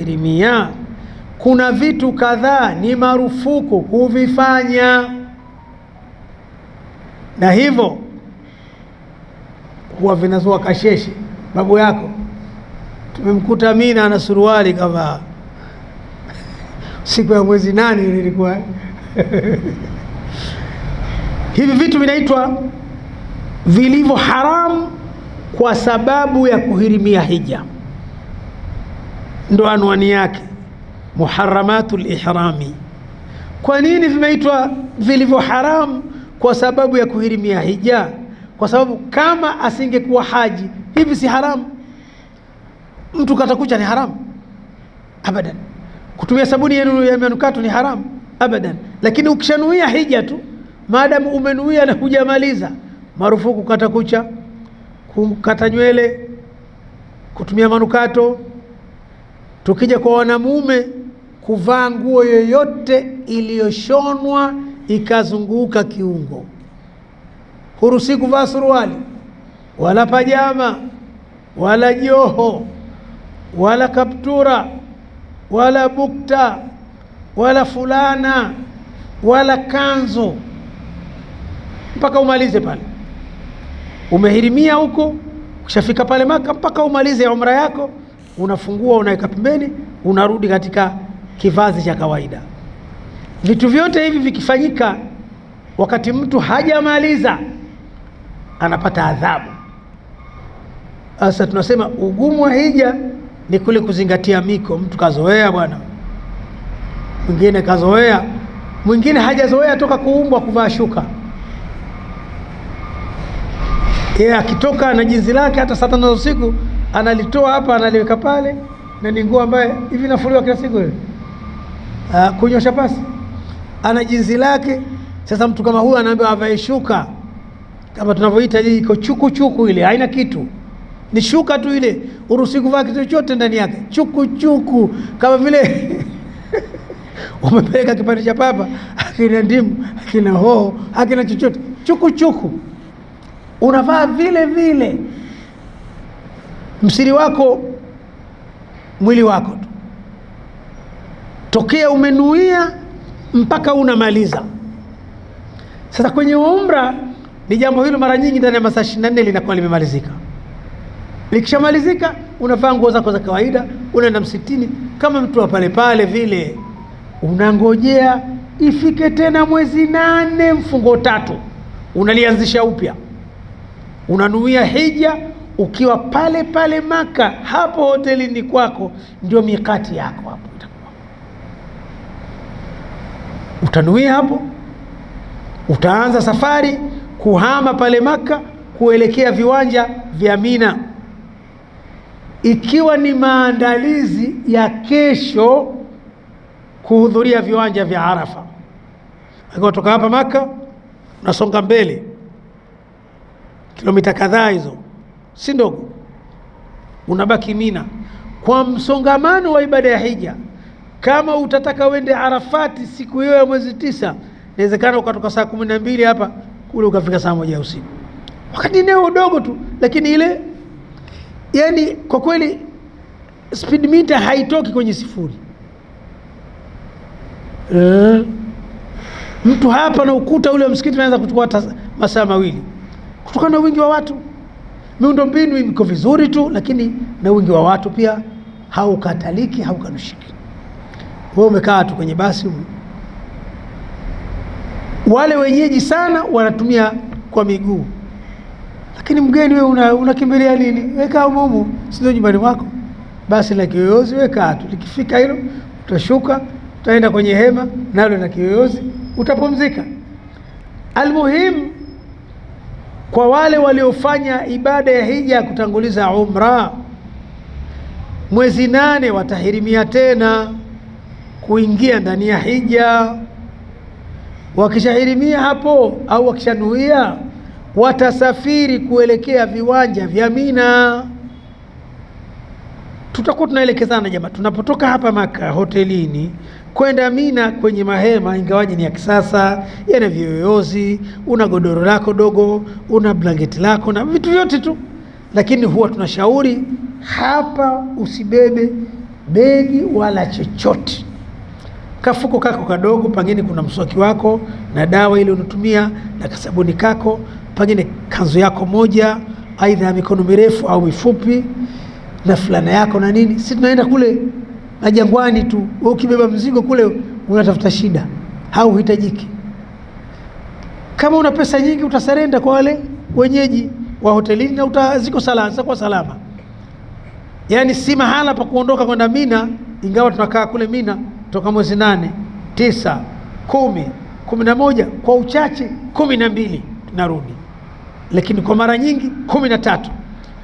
Irimia, kuna vitu kadhaa ni marufuku kuvifanya, na hivyo huwa vinazua kasheshe. Babu yako tumemkuta Mina ana suruali kama siku ya mwezi nane ilikuwa hivi vitu vinaitwa vilivyo haramu kwa sababu ya kuhirimia hija ndo anwani yake muharamatul ihrami. Kwa nini vimeitwa vilivyo haramu? Kwa sababu ya kuhirimia hija, kwa sababu kama asingekuwa haji hivi si haramu. Mtu katakucha ni haramu abadan, kutumia sabuni yenu ya manukato ni haramu abadan, lakini ukishanuia hija tu, maadamu umenuia na hujamaliza, marufuku katakucha kucha, kukata nywele, kutumia manukato Tukija kwa wanamume, kuvaa nguo yoyote iliyoshonwa ikazunguka kiungo. Huruhusi kuvaa suruali wala pajama wala joho wala kaptura wala bukta wala fulana wala kanzu mpaka umalize pale. Umehirimia huko, ukishafika pale Maka mpaka umalize umra yako unafungua, unaweka pembeni, unarudi katika kivazi cha kawaida. Vitu vyote hivi vikifanyika wakati mtu hajamaliza anapata adhabu. Sasa tunasema ugumu wa hija ni kule kuzingatia miko. Mtu kazoea bwana, mwingine kazoea, mwingine hajazoea toka kuumbwa kuvaa shuka. Yeye akitoka na jinsi lake, hata saa tano za usiku analitoa hapa analiweka pale, na ni nguo ambaye hivi nafuliwa kila siku hiyo ah, Kunyosha pasi, ana jinsi lake. Sasa mtu kama huyu anaambiwa avae shuka kama tunavyoita hii, iko chuku chuku, ile haina kitu, ni shuka tu ile, uruhusi kuvaa kitu chochote ndani yake, chuku chuku, kama vile umepeleka kipande cha papa, akina ndimu, akina hoho, akina chochote, chuku chuku, unavaa vile vile. Msiri wako mwili wako tu, tokea umenuia mpaka unamaliza. Sasa kwenye umra ni jambo hilo, mara nyingi ndani ya masaa 24 linakuwa limemalizika. Likishamalizika unavaa nguo zako za kawaida, unaenda msitini kama mtu wa pale pale vile, unangojea ifike tena mwezi nane mfungo tatu, unalianzisha upya, unanuia hija ukiwa pale pale Maka, hapo hotelini kwako ndio mikati yako. Hapo itakuwa utanuia, hapo utaanza safari kuhama pale Maka kuelekea viwanja vya Mina, ikiwa ni maandalizi ya kesho kuhudhuria viwanja vya Arafa. Toka hapa Maka unasonga mbele kilomita kadhaa hizo si ndogo, unabaki Mina kwa msongamano wa ibada ya hija. Kama utataka uende Arafati siku hiyo ya mwezi tisa, inawezekana ukatoka saa kumi na mbili hapa kule ukafika saa moja ya usiku, wakati eneo udogo tu, lakini ile yani kwa kweli speed meter haitoki kwenye sifuri. Uh, mtu hapa na ukuta ule wa msikiti unaweza kuchukua masaa mawili kutokana na wingi wa watu. Miundombinu iko vizuri tu, lakini na wingi wa watu pia haukataliki, haukanushiki. Wewe umekaa tu kwenye basi um-, Wale wenyeji sana wanatumia kwa miguu, lakini mgeni wewe unakimbilia nini? Wekaa umumu, sio nyumbani mwako. Basi la kiyoyozi, wekaa tu, likifika hilo utashuka, utaenda kwenye hema nalo na kiyoyozi, utapumzika. Almuhimu kwa wale waliofanya ibada ya hija ya kutanguliza umra, mwezi nane watahirimia tena kuingia ndani ya hija. Wakishahirimia hapo au wakishanuia, watasafiri kuelekea viwanja vya Mina. Tutakuwa tunaelekezana jamaa, tunapotoka hapa Maka hotelini kwenda Mina kwenye mahema, ingawaje ni ya kisasa, yana viyoyozi, una godoro lako dogo, una blanketi lako na vitu vyote tu, lakini huwa tunashauri hapa usibebe begi wala chochote. Kafuko kako kadogo, pengine kuna mswaki wako na dawa ile unatumia na kasabuni kako, pengine kanzu yako moja, aidha ya mikono mirefu au mifupi, na fulana yako na nini. Si tunaenda kule na jangwani tu. Wewe ukibeba mzigo kule unatafuta shida, hauhitajiki. Kama una pesa nyingi, utasarenda kwa wale wenyeji wa hotelini na utaziko salama, kwa salama. Yaani si mahala pa kuondoka kwenda Mina, ingawa tunakaa kule Mina toka mwezi nane, tisa, kumi, kumi na moja, kwa uchache kumi na mbili tunarudi, lakini kwa mara nyingi kumi na tatu.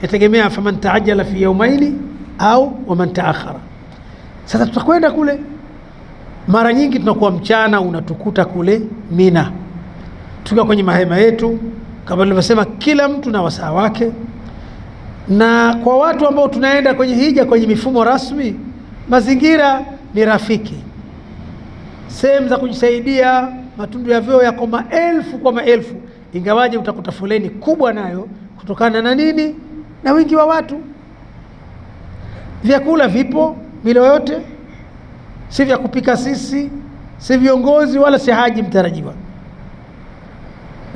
Yategemea faman taajala fi yaumaini au waman taakhara sasa tutakwenda kule, mara nyingi tunakuwa mchana unatukuta kule Mina tukiwa kwenye mahema yetu, kama nilivyosema, kila mtu na wasaa wake. Na kwa watu ambao tunaenda kwenye hija kwenye mifumo rasmi, mazingira ni rafiki, sehemu za kujisaidia, matundu ya vyoo yako maelfu kwa maelfu, ingawaje utakuta foleni kubwa nayo kutokana na nini? Na wingi wa watu. Vyakula vipo milo yote, si vya kupika sisi, si viongozi wala si haji mtarajiwa.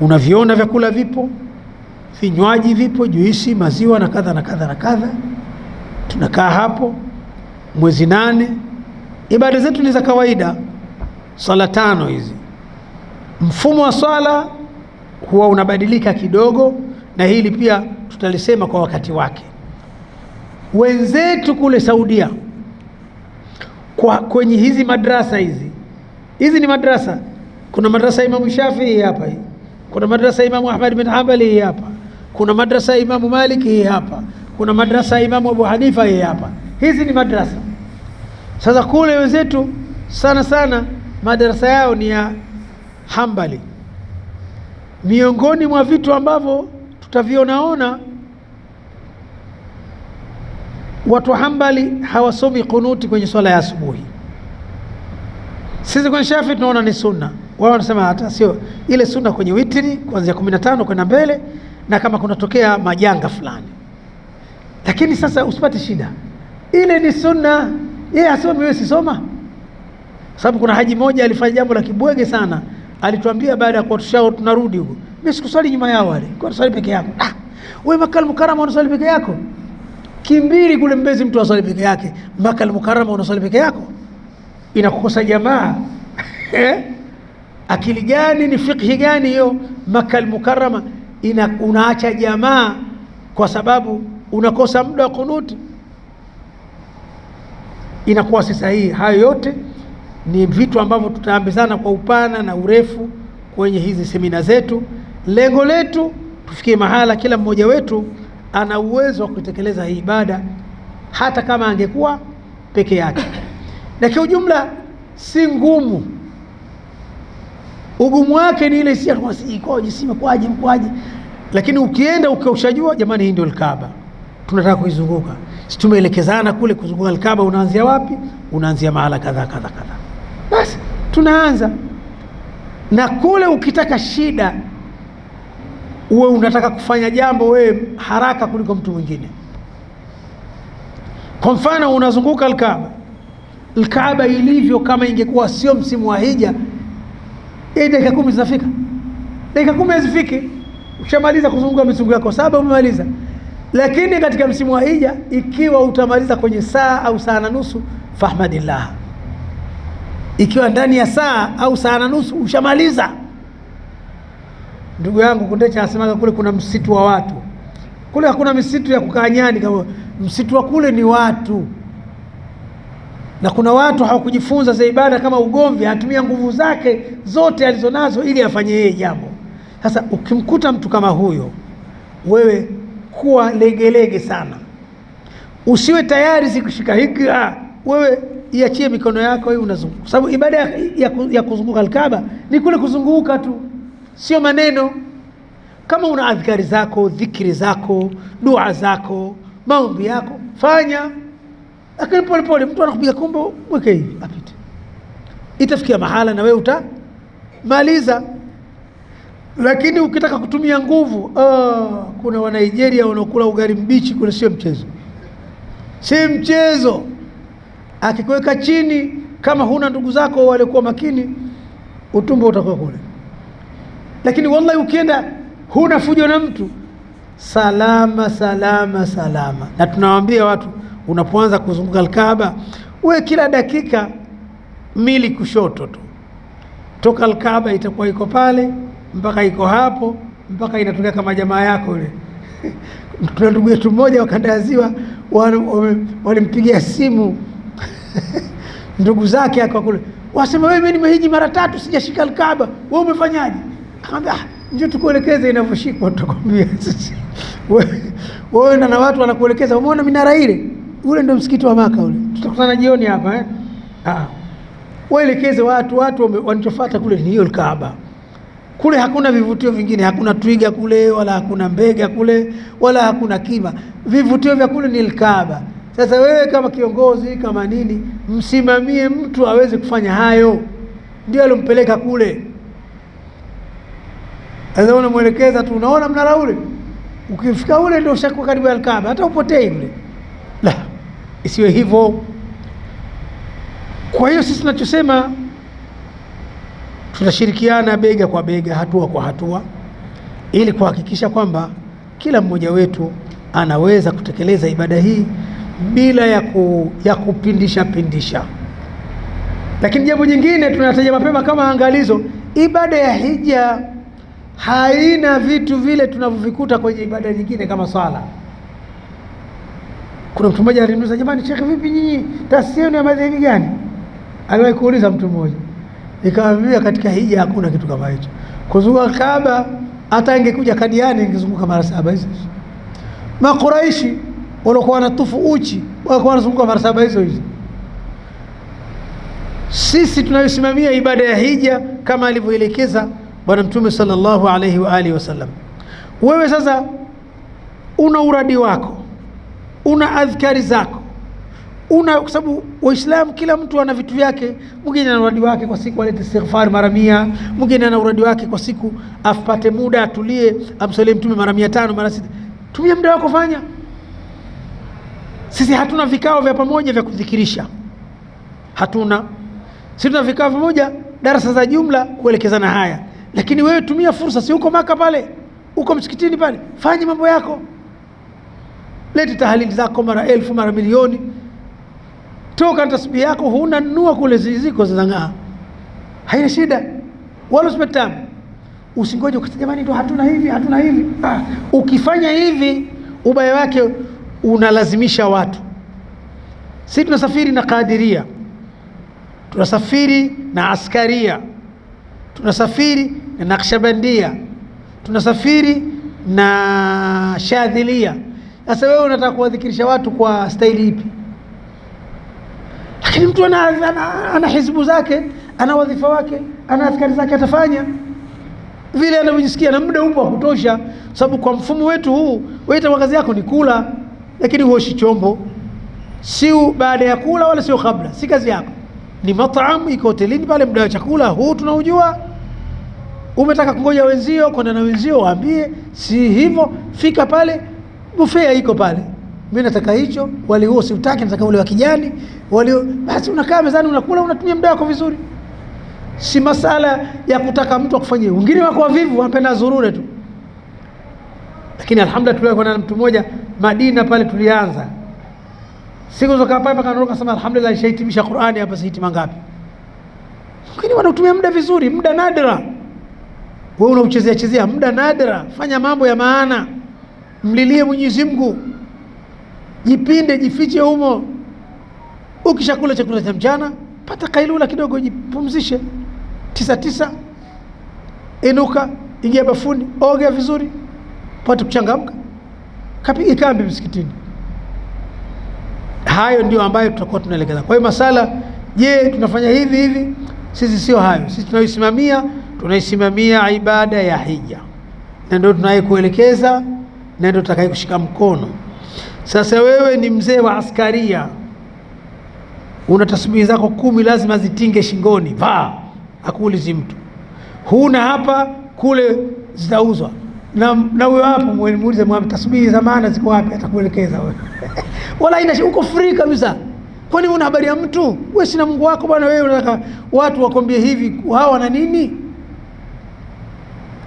Unaviona vyakula vipo, vinywaji vipo, juisi, maziwa na kadha na kadha na kadha. Tunakaa hapo mwezi nane, ibada zetu ni za kawaida, swala tano hizi. Mfumo wa swala huwa unabadilika kidogo, na hili pia tutalisema kwa wakati wake. Wenzetu kule Saudia kwa kwenye hizi madrasa hizi hizi ni madrasa. Kuna madrasa ya Imamu Shafii hii hapa, hii kuna madrasa ya Imamu Ahmad bin Hanbali hii hapa, kuna madrasa ya Imamu Malik hii hapa, kuna madrasa ya Imamu Abu Hanifa hii hapa. Hizi ni madrasa. Sasa kule wenzetu sana sana madarasa yao ni ya Hambali. Miongoni mwa vitu ambavyo tutavionaona Watu wa Hanbali hawasomi kunuti kwenye swala ya asubuhi. Sisi kwenye Shafi tunaona ni sunna, wao wanasema hata sio ile sunna kwenye witri kuanzia 15 kwenda mbele, na kama kunatokea majanga fulani. Lakini sasa usipate shida, ile ni sunna. Yeye asome, wewe sisoma. Sababu kuna haji moja alifanya jambo la kibwege sana, alituambia baada ya kuwa tushao tunarudi huko, mimi sikuswali nyuma yao wale, kwa tuswali peke yako. Ah, wewe makal karama unaswali peke yako kimbili kule Mbezi, mtu asali peke yake. Maka Almukarama unasali peke yako, inakukosa jamaa eh? Akili gani? Ni fikhi gani hiyo? Maka Almukarama ina unaacha jamaa kwa sababu unakosa muda wa kunuti, inakuwa si sahihi. Hayo yote ni vitu ambavyo tutaambizana kwa upana na urefu kwenye hizi semina zetu. Lengo letu tufikie mahala kila mmoja wetu ana uwezo wa kutekeleza hii ibada hata kama angekuwa peke yake, na kiujumla si ngumu. Ugumu wake ni ile hisia ikoje, si kwaje kwaje, lakini ukienda ukaushajua, jamani, hii ndio Alkaba tunataka kuizunguka, si tumeelekezana kule kuzunguka Alkaba. Unaanzia wapi? Unaanzia mahala kadha kadha kadha, basi tunaanza na kule. Ukitaka shida uwe unataka kufanya jambo wewe haraka kuliko mtu mwingine. Kwa mfano unazunguka Alkaaba, Alkaaba ilivyo, kama ingekuwa sio msimu wa hija, hii dakika kumi zinafika, dakika kumi hazifiki, ushamaliza kuzunguka mizungu yako saba, umemaliza. Lakini katika msimu wa hija, ikiwa utamaliza kwenye saa au saa na nusu, fahmadillah, ikiwa ndani ya saa au saa na nusu ushamaliza ndugu yangu Kundecha anasemaga kule kuna msitu wa watu. Kule hakuna misitu ya kukaa nyani kama msitu wa kule, ni watu na kuna watu hawakujifunza za ibada kama ugomvi, anatumia nguvu zake zote alizonazo ili afanye yeye jambo. Sasa ukimkuta mtu kama huyo, wewe kuwa legelege sana, usiwe tayari sikushika hiki. Ah, wewe iachie mikono yako, wewe unazunguka, kwa sababu ibada ya, ya, ya kuzunguka Alkaba ni kule kuzunguka tu sio maneno. Kama una adhkari zako, dhikri zako, dua zako, maombi yako, fanya, lakini polepole. Mtu anakupiga kumbo, mweke hivi, apite, itafikia mahala na wewe utamaliza. Lakini ukitaka kutumia nguvu, oh, kuna wa Nigeria wanaokula ugali mbichi, kuna sio mchezo, si mchezo. Akikuweka chini, kama huna ndugu zako walikuwa makini, utumbo utakuwa kule lakini wallahi, ukienda huna fujo na mtu, salama salama salama. Na tunawaambia watu, unapoanza kuzunguka Alkaaba, we kila dakika mili kushoto tu, toka Alkaaba itakuwa iko pale mpaka iko hapo mpaka inatokea kama jamaa yako yule. Kuna ndugu yetu mmoja wakandaziwa ya walimpigia simu ndugu zake akakule, wasema wewe, mimi nimehiji mara tatu sijashika Alkaaba, wewe umefanyaje? Akamwambia, njoo tukuelekeze inavyoshikwa, tutakwambia sisi. Wewe na na watu wanakuelekeza, umeona minara ile, ule ndio msikiti wa Maka ule, tutakutana jioni hapa eh. Ah, waelekeze watu, watu wanachofuata kule ni hiyo Kaaba. Kule hakuna vivutio vingine, hakuna twiga kule wala hakuna mbega kule wala hakuna kima. Vivutio vya kule ni Kaaba. Sasa wewe kama kiongozi kama nini, msimamie mtu aweze kufanya hayo, ndio alompeleka kule. Sasa unamwelekeza tu, unaona mnara ule, ukifika ule ndio ushakuwa karibu Alkaaba, hata upotei ule La, isiwe hivyo. Kwa hiyo sisi tunachosema tunashirikiana bega kwa bega, hatua kwa hatua, ili kuhakikisha kwamba kila mmoja wetu anaweza kutekeleza ibada hii bila ya, ku, ya kupindisha pindisha. Lakini jambo jingine tunataja mapema kama angalizo, ibada ya hija haina vitu vile tunavyovikuta kwenye ibada nyingine kama swala. Kuna mtu mmoja aliniuliza, jamani, shekhe, vipi nyinyi taasisi yenu ya madhehebu gani? Aliwahi kuuliza mtu mmoja, nikamwambia katika hija hakuna kitu kama hicho. Kuzunguka Kaaba, hata ingekuja kadiani ingezunguka mara saba hizo. Makuraishi walikuwa wanatufu uchi, walikuwa wanazunguka mara saba hizo hizo. Sisi tunayosimamia ibada ya hija kama alivyoelekeza Bwana Mtume sallallahu alaihi wa alihi wasallam. Wewe sasa una uradi wako, una adhkari zako, una kwa sababu Waislamu kila mtu ana vitu vyake. Mwingine ana uradi wake kwa siku alete istighfar mara mia, mwingine ana uradi wake kwa siku afpate muda atulie, amsalie Mtume mara mia tano mara sita. Tumia muda wako, fanya. Sisi hatuna vikao vya pamoja vya kudhikirisha, hatuna. Sisi tuna vikao pamoja darasa za jumla kuelekezana haya lakini wewe tumia fursa, si uko Maka pale, uko msikitini pale, fanye mambo yako, leti tahalili zako mara elfu mara milioni, toka tasbihi yako huna nua kule ziziko zinang'aa, haina shida wala usimetamu. Usingoje ukasema jamani, ndo hatuna hivi hatuna hivi. Ah, ukifanya hivi ubaya wake unalazimisha watu. Si tunasafiri na Kadiria, tunasafiri na Askaria, tunasafiri na Naqshbandia, tunasafiri na Shadhilia. Sasa wewe unataka kuwadhikirisha watu kwa staili ipi? Lakini mtu ana, ana, ana, ana hizbu zake, ana wadhifa wake, ana askari zake, atafanya vile anavyojisikia na muda upo wa kutosha, sababu kwa mfumo wetu huu wewe kazi yako ni kula, lakini huoshi chombo, si baada ya kula wala sio kabla, si kazi yako. Ni mataam iko hotelini pale, muda wa chakula huu tunaujua. Umetaka kungoja wenzio, kwenda na wenzio, waambie si hivyo. Fika pale, bufea iko pale, mimi nataka hicho, wali huo siutaki, nataka ule wa kijani, wali basi. Unakaa mezani, unakula, unatumia muda wako vizuri. Si masala ya kutaka mtu akufanyie. Wengine wako wavivu, wanapenda zurure tu, lakini alhamdulillah, tulikuwa na mtu mmoja Madina pale, tulianza siku zokaa pale mpaka naondoka, sema alhamdulillah, nishahitimisha Qur'ani hapa, sihiti mangapi. Wengine wanatumia muda vizuri, muda nadra wewe unauchezea chezea muda nadra, fanya mambo ya maana, mlilie Mwenyezi Mungu, jipinde, jifiche humo. Ukishakula chakula cha mchana, pata kailula kidogo, jipumzishe. tisa tisa, inuka, ingia bafuni, oga vizuri, pate kuchangamka, kapige kambi msikitini. Hayo ndio ambayo tutakuwa tunaelekeza. Kwa hiyo masala, je, tunafanya hivi hivi? Sisi sio hayo, sisi tunaisimamia tunaisimamia ibada ya hija, na ndio tunayekuelekeza na ndio tutakaye kushika mkono. Sasa wewe ni mzee wa askaria, una tasbihi zako kumi, lazima zitinge shingoni, vaa, hakuulizi mtu. Huna hapa kule, zitauzwa na wewe hapo muulize mwambie tasbihi za maana ziko wapi, atakuelekeza wewe. Wala ina uko free kabisa, kwani una habari ya mtu wewe? Sina Mungu wako bwana, wewe unataka watu wakwambie hivi, hawa na nini?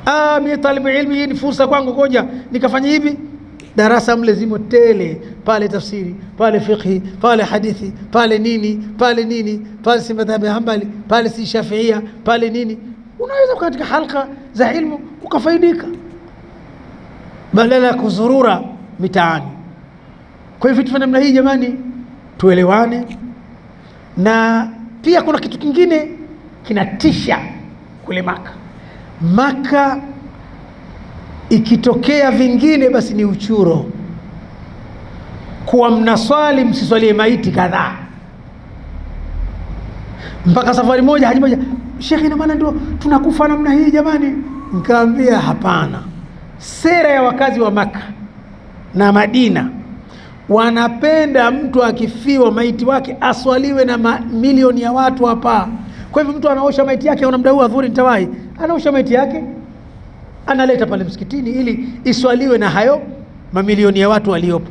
ah, mimi talibu ilmi, hii ni fursa kwangu, ngoja nikafanya hivi. Darasa mle zimo tele, pale tafsiri, pale fiqhi, pale hadithi, pale nini, pale nini, pale si madhhabi hambali, pale si Shafiia, pale nini. Unaweza katika halqa za ilmu ukafaidika badala ya kuzurura mitaani. Kwa hivyo vitu vya namna hii, jamani, tuelewane. Na pia kuna kitu kingine kinatisha kule Maka Maka ikitokea vingine, basi ni uchuro kuwa mnaswali msiswalie maiti kadhaa mpaka safari moja haji moja. Shekhe, ina maana ndio tunakufa namna hii jamani? Nikaambia hapana, sera ya wakazi wa Maka na Madina wanapenda mtu akifiwa maiti wake aswaliwe na mamilioni ya watu hapa. Kwa hivyo mtu anaosha maiti yake, anamdaua dhuri, huu nitawahi anaosha maiti yake analeta pale msikitini ili iswaliwe na hayo mamilioni ya watu waliopo,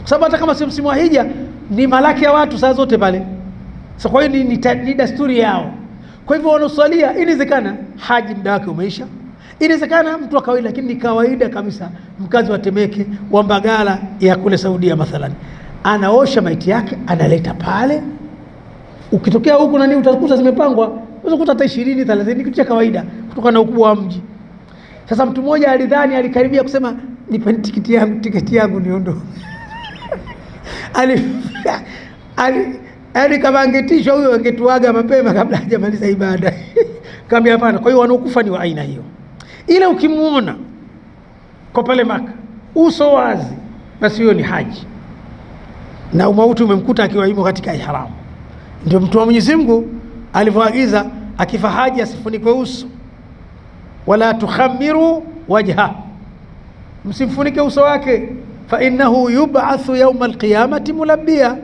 kwa sababu hata kama si msimu wa hija ni malaki ya watu saa zote pale. So kwa hiyo ni, ni dasturi yao. Kwa hivyo wanaoswalia, inawezekana haji muda wake umeisha, inawezekana mtu wa kawaida, lakini ni kawaida kabisa mkazi wa Temeke wa Mbagala ya kule Saudia mathalani anaosha maiti yake analeta pale. Ukitokea huku nani utakuta zimepangwa unaweza kukuta hata 20 30, kitu cha kawaida kutokana na ukubwa wa mji. Sasa mtu mmoja alidhani, alikaribia kusema nipeni tiketi yangu, tiketi yangu niondoke. ali ali yani kama angetishwa huyo angetuaga mapema kabla hajamaliza ibada. kambi hapana. Kwa hiyo wanaokufa ni wa aina hiyo, ila ukimuona kwa pale Maka uso wazi, basi huyo ni haji, na umauti umemkuta akiwa yumo katika ihram. Ndio mtu wa Mwenyezi Mungu alivyoagiza akifa haji asifunikwe uso, wala tukhamiru wajha, msimfunike uso wake. Fa innahu yub'athu yawma alqiyamati mulabbia,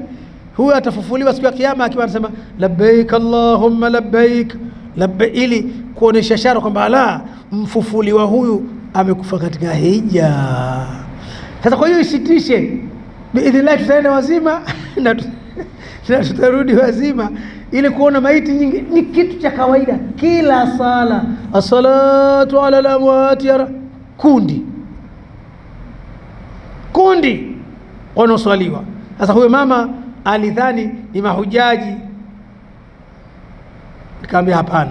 huyo atafufuliwa siku ya kiyama akiwa anasema labbaik allahumma labbaik labba, ili kuonesha ishara kwamba la mfufuliwa huyu amekufa katika hija. Sasa kwa hiyo isitishe, biidhnillahi tutaenda wazima na tutarudi wazima ili kuona maiti nyingi ni kitu cha kawaida kila sala. asalatu ala lamwati ya kundi kundi wanaoswaliwa. Sasa huyo mama alidhani ni mahujaji, nikamwambia hapana,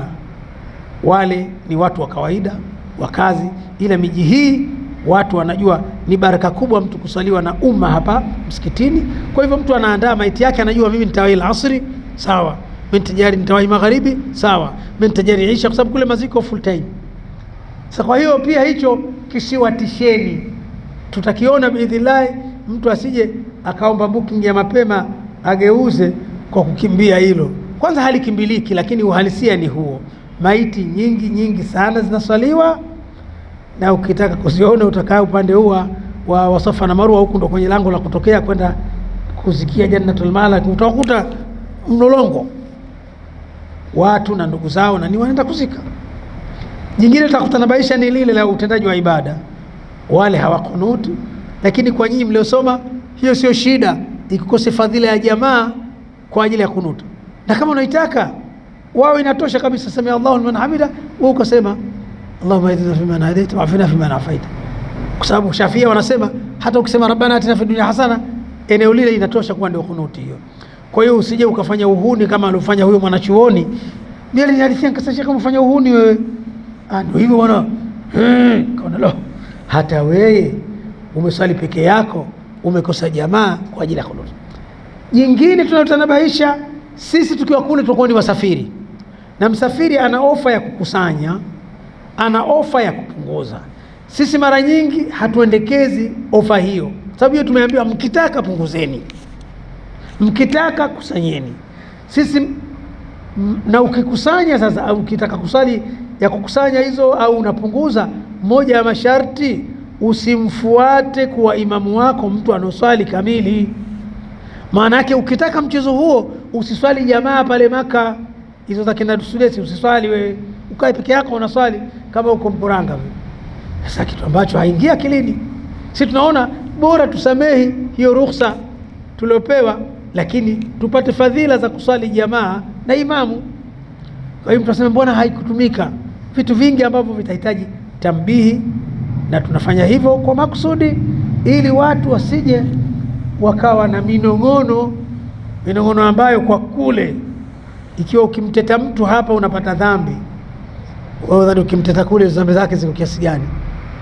wale ni watu wa kawaida wakazi, ila miji hii watu wanajua ni baraka kubwa mtu kusaliwa na umma hapa msikitini. Kwa hivyo mtu anaandaa maiti yake, anajua mimi nitawahi asri sawa Binti Jari nitawahi magharibi, sawa. Binti Jari Isha, kwa sababu kule maziko full time. Sasa kwa hiyo pia hicho kisiwa tisheni tutakiona biidhnillahi, mtu asije akaomba booking ya mapema ageuze kwa kukimbia hilo. Kwanza halikimbiliki, lakini uhalisia ni huo. Maiti nyingi nyingi sana zinaswaliwa, na ukitaka kuziona utakaa upande huwa wa Wasafa na Marwa, huku ndo kwenye lango la kutokea kwenda kuzikia Jannatul Maala, utakuta mlolongo watu na ndugu zao na ni wanaenda kuzika. Jingine tutakutanabaisha ni lile la utendaji wa ibada, wale hawakunutu. Lakini kwa nyinyi mliosoma, hiyo sio shida, ikikose fadhila ya jamaa kwa ajili ya kunutu, na kama unaitaka wao inatosha kabisa, samia Allahu liman hamida, wewe ukasema Allahumma ihdina fiman hadaita wa afina fiman afaita, kwa sababu Shafia wanasema hata ukisema rabbana atina fi dunya hasana, eneo lile inatosha kuwa ndio kunuti hiyo. Kwa hiyo usije ukafanya uhuni kama aliofanya huyo mwanachuoni. Mimi nilisikia kasa shaka mfanya uhuni wewe. Ah, ndio hivyo bwana. Hmm, kaona lo. Hata wewe umeswali peke yako, umekosa jamaa kwa ajili ya khulud. Jingine tunatanabaisha sisi tukiwa kule tutakuwa ni wasafiri. Na msafiri ana ofa ya kukusanya, ana ofa ya kupunguza. Sisi mara nyingi hatuendekezi ofa hiyo, sababu hiyo tumeambiwa mkitaka punguzeni mkitaka kusanyeni sisi na ukikusanya sasa, au ukitaka kusali ya kukusanya hizo, au unapunguza moja ya masharti, usimfuate kuwa imamu wako mtu anaoswali kamili. Maana yake ukitaka mchezo huo usiswali jamaa pale Maka, hizo za kina Sudesi usiswali wewe ukae peke yako unaswali kama uko Mkuranga. Sasa kitu ambacho haingia kilini si tunaona bora tusamehi hiyo ruhusa tuliopewa lakini tupate fadhila za kuswali jamaa na imamu. Kwa hiyo mtasema mbona haikutumika? Vitu vingi ambavyo vitahitaji tambihi, na tunafanya hivyo kwa makusudi, ili watu wasije wakawa na minong'ono, minong'ono ambayo kwa kule, ikiwa ukimteta mtu hapa unapata dhambi wewe, ukimteta kule dhambi zake ziko kiasi gani?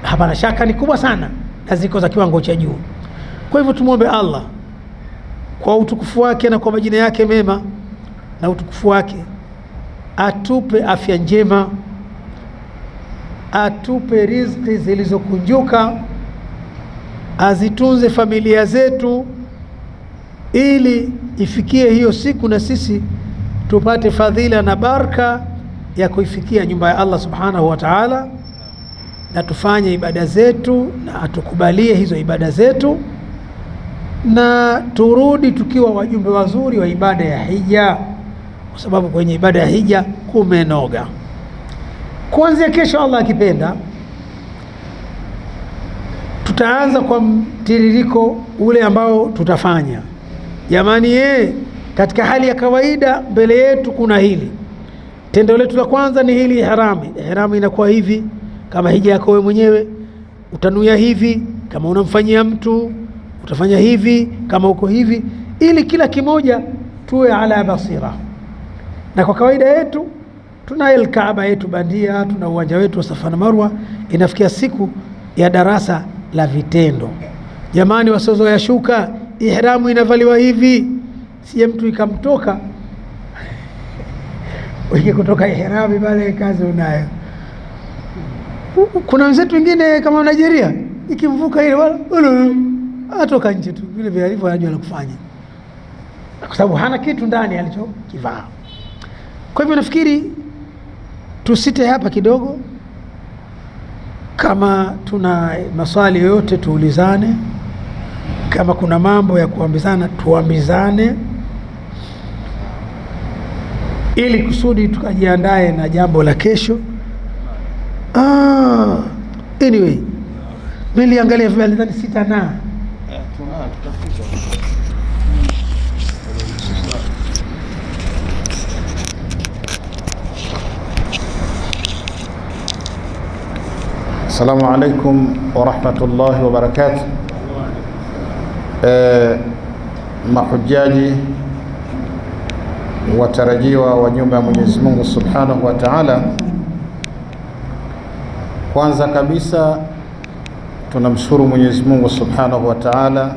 Hapana shaka ni kubwa sana na ziko za kiwango cha juu. Kwa hivyo tumwombe Allah kwa utukufu wake na kwa majina yake mema na utukufu wake, atupe afya njema, atupe riziki zilizokunjuka, azitunze familia zetu ili ifikie hiyo siku na sisi tupate fadhila na baraka ya kuifikia nyumba ya Allah subhanahu wa ta'ala, na tufanye ibada zetu na atukubalie hizo ibada zetu na turudi tukiwa wajumbe wazuri wa ibada ya hija, kwa sababu kwenye ibada ya hija kumenoga. Kuanzia kesho, Allah akipenda, tutaanza kwa mtiririko ule ambao tutafanya. Jamani ye, katika hali ya kawaida mbele yetu kuna hili tendo letu la kwanza ni hili ihrami. Ihrami inakuwa hivi, kama hija yako wewe mwenyewe utanuia hivi, kama unamfanyia mtu utafanya hivi kama uko hivi, ili kila kimoja tuwe ala basira. Na kwa kawaida yetu tuna Kaaba yetu bandia, tuna uwanja wetu wa Safa na Marwa. Inafikia siku ya darasa la vitendo, jamani, wasiozoea shuka, ihramu inavaliwa hivi, siye mtu ikamtoka wiki kutoka ihrami pale, kazi unayo. Kuna wenzetu wengine kama Nigeria ikimvuka ile wala anatoka nje tu vile vile alivyo, anajua la kufanya, kwa sababu hana kitu ndani alichokivaa. Kwa hivyo nafikiri tusite hapa kidogo, kama tuna maswali yoyote tuulizane, kama kuna mambo ya kuambizana tuambizane, ili kusudi tukajiandae na jambo la kesho. Ah, anyway, niliangalia vibali nadhani sita na Assalamu alaikum warahmatullahi wabarakatuh. E, mahujaji watarajiwa wa nyumba ya Mwenyezi Mungu Subhanahu wa Ta'ala, kwanza kabisa tunamshukuru Mwenyezi Mungu Subhanahu wa Ta'ala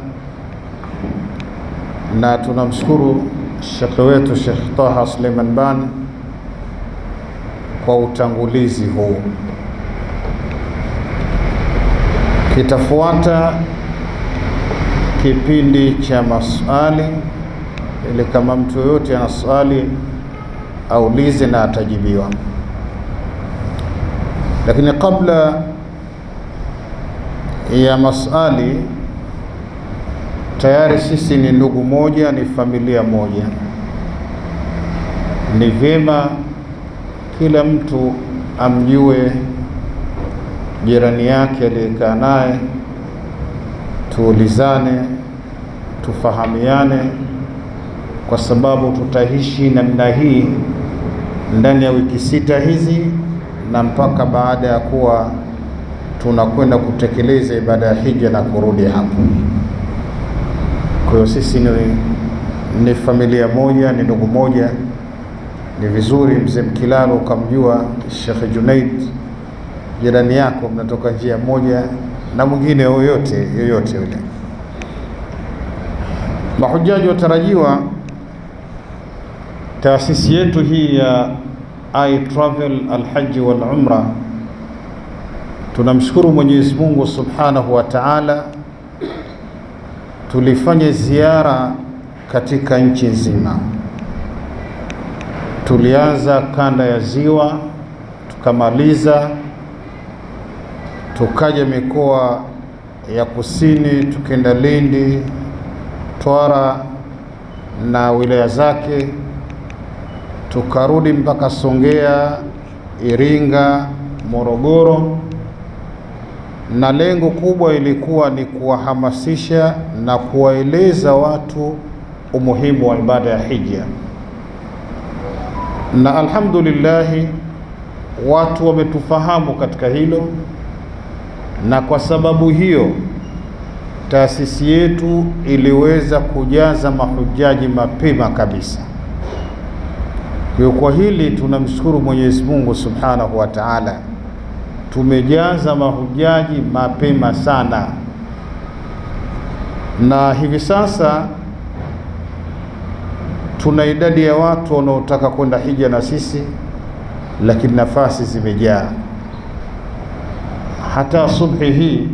na tunamshukuru shekhe wetu Sheikh Taha Suleiman Bani kwa utangulizi huu Kitafuata kipindi cha maswali, ili kama mtu yoyote ana swali aulize na atajibiwa. Lakini kabla ya maswali, tayari sisi ni ndugu moja, ni familia moja. Ni vyema kila mtu amjue jirani yake aliyekaa naye, tuulizane, tufahamiane, kwa sababu tutaishi namna hii ndani ya wiki sita hizi na mpaka baada ya kuwa tunakwenda kutekeleza ibada ya hija na kurudi hapo. Kwa hiyo sisi ni, ni familia moja, ni ndugu moja. Ni vizuri mzee Mkilalo ukamjua Sheikh Junaid jirani yako mnatoka njia moja na mwingine yoyote yoyote yule. Mahujaji watarajiwa, taasisi yetu hii ya I Travel Alhaji wal Umra, tunamshukuru Mwenyezi Mungu Subhanahu wa Ta'ala, tulifanya ziara katika nchi nzima. Tulianza kanda ya Ziwa tukamaliza tukaja mikoa ya kusini, tukenda Lindi, Twara na wilaya zake, tukarudi mpaka Songea, Iringa, Morogoro, na lengo kubwa ilikuwa ni kuwahamasisha na kuwaeleza watu umuhimu wa ibada ya hija, na alhamdulillahi watu wametufahamu katika hilo na kwa sababu hiyo taasisi yetu iliweza kujaza mahujaji mapema kabisa. Kwa hili tunamshukuru Mwenyezi Mungu Subhanahu wa Ta'ala, tumejaza mahujaji mapema sana, na hivi sasa tuna idadi ya watu wanaotaka kwenda hija na sisi, lakini nafasi zimejaa hata subhi hii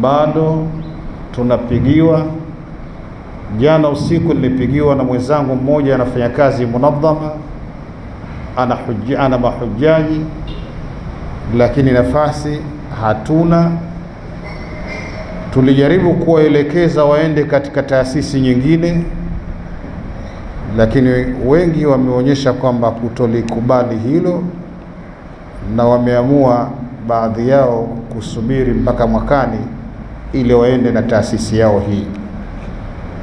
bado tunapigiwa. Jana usiku nilipigiwa na mwenzangu mmoja, anafanya kazi munadhama, ana huja, ana mahujaji, lakini nafasi hatuna. Tulijaribu kuwaelekeza waende katika taasisi nyingine, lakini wengi wameonyesha kwamba kutolikubali hilo na wameamua baadhi yao kusubiri mpaka mwakani ili waende na taasisi yao hii.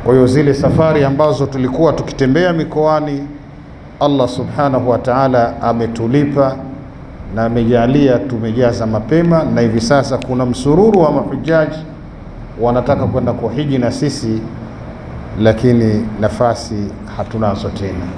Kwa hiyo zile safari ambazo tulikuwa tukitembea mikoani, Allah subhanahu wa ta'ala ametulipa na amejalia tumejaza mapema, na hivi sasa kuna msururu wa mahujaji wanataka kwenda kuhiji na sisi, lakini nafasi hatunazo tena.